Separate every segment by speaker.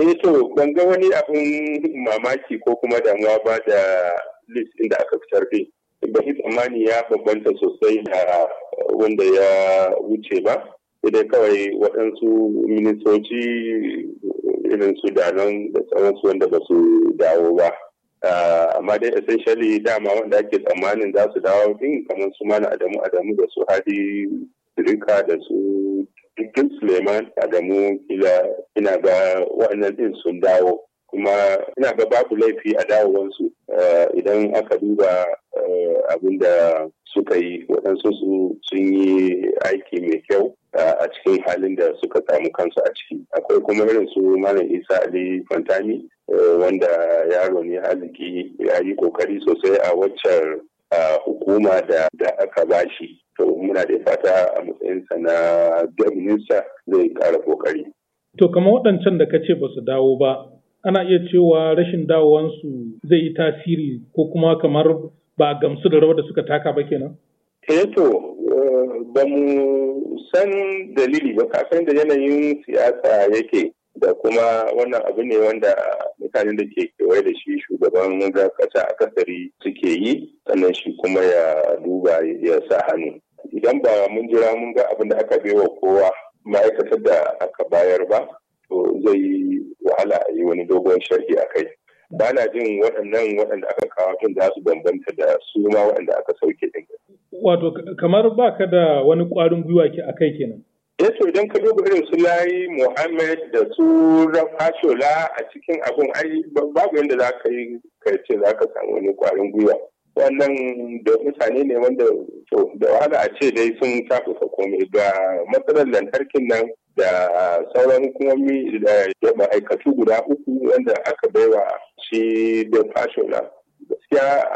Speaker 1: eh to ban ga wani abin mamaki ko kuma damuwa ba da list ɗin da aka fitar din ba shi tsammani ya bambanta sosai da wanda ya wuce ba idan kawai waɗansu ministoci irin su nan da sauransu wanda ba su dawo ba ah, amma dai essentially dama wanda ake tsammanin za su dawo din kamar su mana adamu adamu da su hadi Sirika da su Dukkan Suleiman Adamu ila ina ga wa'annan ɗin sun dawo kuma ina ga babu laifi a dawowansu eh, idan aka duba eh, abin da suka yi waɗansu su sun yi aiki mai kyau eh, a cikin halin da suka samu kansu a ciki akwai kuma irin su malam isa ali fantami wanda yaro ne arziki ya yi kokari sosai a waccan hukuma da aka bashi to yana da fata a matsayinsa na gaminsa zai ƙara kokari
Speaker 2: To kamar waɗancan da ka ce ba su dawo ba, ana iya cewa rashin dawowansu zai yi tasiri ko kuma kamar ba gamsu da rawar da suka taka ba kenan?
Speaker 1: Eh to, ba mu san dalili ba, kasan da yanayin siyasa yake da kuma wannan abu ne wanda mutanen da ke kewaye da shi shugaban a akasari suke yi sannan shi kuma ya duba ya sa hannu idan ba mun jira mun ga abin da aka bewa kowa ma'aikatar da aka bayar ba to zai yi wahala a yi wani dogon sharhi a kai ba na jin waɗannan waɗanda aka kawo tun za su bambanta da su ma waɗanda aka sauke ɗin.
Speaker 2: Wato kamar ba ka da wani ƙwarin gwiwa ke a kai kenan.
Speaker 1: Ya eh, to idan ka duba irin su Layi Muhammad da su Rafashola a cikin abin ai babu yadda za ka yi ka ce za ka samu wani ƙwarin gwiwa. wannan da mutane ne wanda to da wahala a ce dai sun tafuka komai ga matsalar lantarkin nan da sauran hukumomi da ma'aikatu guda uku wanda aka baiwa shi da fashola gaskiya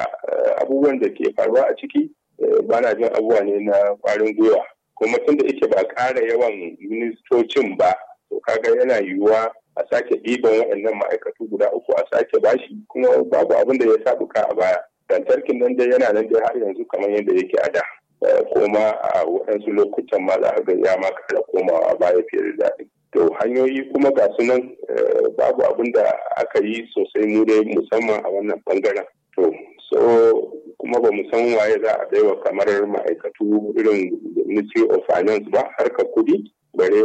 Speaker 1: abubuwan da ke faruwa a ciki eh, ba na jin abubuwa ne na kwarin gwiwa kuma tun da ike ba ƙara yawan ministocin ba to kaga yana yiwuwa a sake ɗiban waɗannan ma'aikatu guda uku a sake bashi kuma babu abin da ya sa a baya lantarkin nan dai yana nan dai har yanzu kamar yadda yake a da eh, kuma a waɗansu lokutan ma za a ga ya ma kada komawa baya fiye da daɗi to hanyoyi kuma ga su nan eh, babu abin da aka yi sosai mu dai musamman a wannan bangaren to so kuma ba mu san waye za a baiwa kamar ma'aikatu irin ministry of finance ba harkar kuɗi bare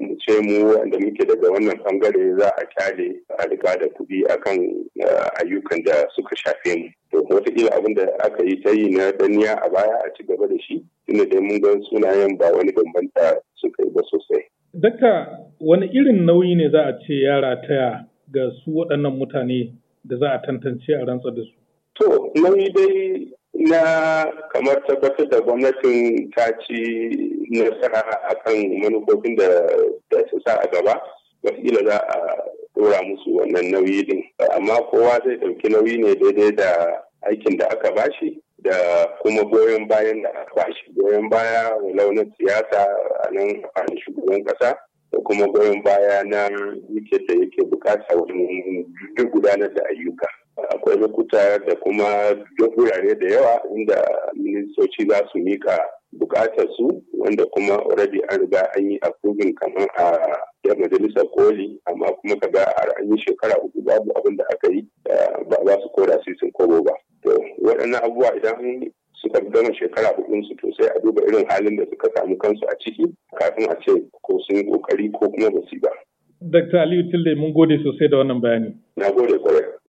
Speaker 1: mu ce mu wanda muke daga wannan bangare za a kyale a riga da kuɗi akan eh, ayyukan da suka shafe mu wataƙila abin da aka yi ta yi na danniya a baya a ci gaba da shi tunda dai mun ga sunayen ba wani
Speaker 2: bambanta suka yi ba sosai. Dakta wani irin nauyi ne za a ce yara taya ga su waɗannan mutane da za a tantance a rantsar da su? To nauyi
Speaker 1: dai na kamar tabbatar da gwamnatin ta ci nasara a kan manufofin da su sa a gaba wataƙila za a dora musu wannan nauyi din amma kowa zai ɗauki nauyi ne daidai da aikin da aka bashi da kuma goyon bayan da aka bashi goyon baya walau launin siyasa a nan a shugaban kasa da kuma goyon baya na yake da yake bukata wani duk gudanar da ayyuka akwai lokuta da kuma duk wurare da yawa inda ministoci za su mika bukatar su wanda kuma already an riga an yi approving kamar a da majalisar koli amma kuma kaga an yi shekara uku babu abin da aka yi ba za su kora su sun kobo ba waɗannan abubuwa idan suka gama shekara huɗunsu su to sai a duba irin halin da suka samu kansu a ciki kafin a ce ko sun yi kokari ko kuma ba su ba.
Speaker 2: Dr. Aliyu Tilde mun gode sosai da wannan bayani.
Speaker 1: Na gode kwarai.